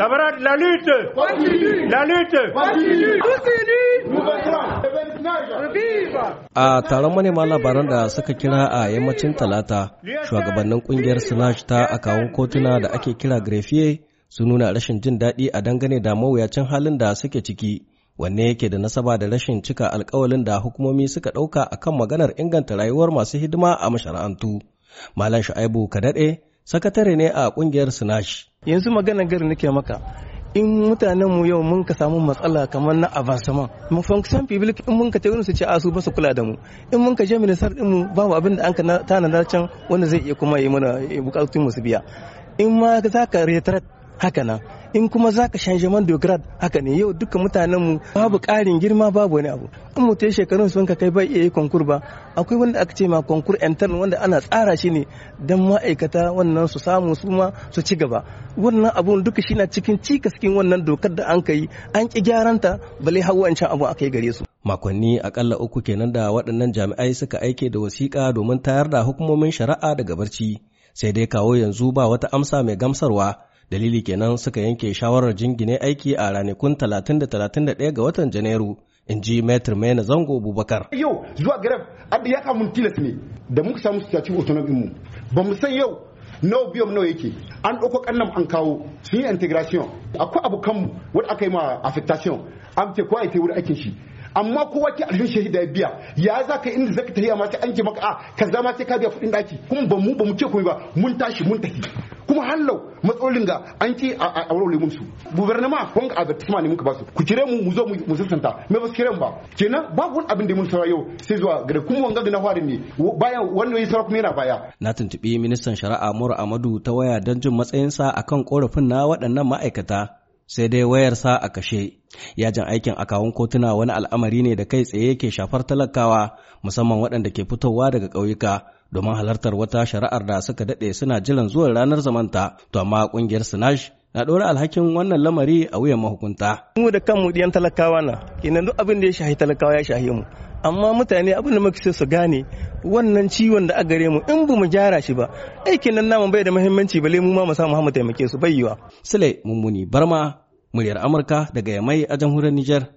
Camarades, la lutte La lutte A taron manema labaran da suka kira a yammacin talata, shugabannin kungiyar Sinaj ta akawun kotuna da ake kira grefie sun nuna rashin jin daɗi a dangane da mawuyacin halin da suke ciki, wanne yake da nasaba da rashin cika alkawalin da hukumomi suka ɗauka a kan maganar inganta rayuwar masu hidima a mashara'antu. Malam Shu'aibu Kadaɗe sakatare ne a kungiyar sinashi Yanzu magana gari nake maka in mutanen mu yau mun ka samu matsala kamar na avansama mu function public in mun ka ta su ce asu ba su kula da mu in mun ka je minister din mu babu abin da an ka tanada can wanda zai iya kuma yi mana eh, bukatun mu su biya in ma za ka retret haka nan in kuma za ka shan jaman dograd haka ne yau duka mutanen mu babu karin girma babu wani abu in mutum shekarun sun ka kai bai iya yi konkur ba akwai wanda aka ce ma konkur intern wanda ana tsara shi ne don ma'aikata wannan su samu su ma su ci gaba wannan abun duka shi na cikin cikaskin wannan dokar da an kai an ki gyaranta bale har wancan abu aka yi gare su makonni akalla uku kenan da waɗannan jami'ai suka aike da wasiƙa domin tayar da hukumomin shari'a daga barci sai dai kawo yanzu ba wata amsa mai gamsarwa Dalili kenan suka yanke shawarar jingine aiki a ranakun 30 da 31 ga watan Janairu. in ji metr na zango bubakar yau zuwa garab adda ya kamun tilas ne da muka samu situation autonomy mu ba mu san yau nawa biyom nawa yake an ɗauko kannan an kawo sun yi integration akwai abokanmu wadda aka yi ma affectation an ce kowa ya wuri aikin shi amma kowa ke alhin shahida ya biya ya za ka inda zaka tafiya ma an ce maka a ah, kaza ma sai ka biya kuɗin daki kuma ba mu ba mu ce komai ba mun tashi mun tafi kuma hallau matsalolin ga an ce a aure mun su gubernama kun ga advertisement ne muka ba su ku cire mu mu zo mu sassanta me ba su kire mu ba kenan babu wani abin da mun saura yau sai zuwa gare kuma wanga da na fari ne bayan wannan yayi kuma yana baya na tuntubi ministan shari'a Mura Amadu ta waya don jin matsayinsa akan korafin na waɗannan ma'aikata sai dai wayar sa a kashe yajin aikin a kawun kotuna wani al'amari ne da kai tsaye ke shafar talakawa musamman waɗanda ke fitowa daga ƙauyuka domin halartar wata shari'ar da suka daɗe suna jiran zuwan ranar zamanta to amma ƙungiyar sinash na ɗora alhakin wannan lamari a wuyan mahukunta. Mu da kanmu ɗiyan talakawa na, kenan duk abin da ya shahi talakawa ya shahi mu. Amma mutane abin da muke su gane wannan ciwon da a gare mu in bu mu gyara shi ba, aikin nan namu bai da muhimmanci bale mu ma mu samu mu taimake su bai yiwa. Sule Mummuni Barma, muryar Amurka daga Yamai a jamhuriyar Nijar.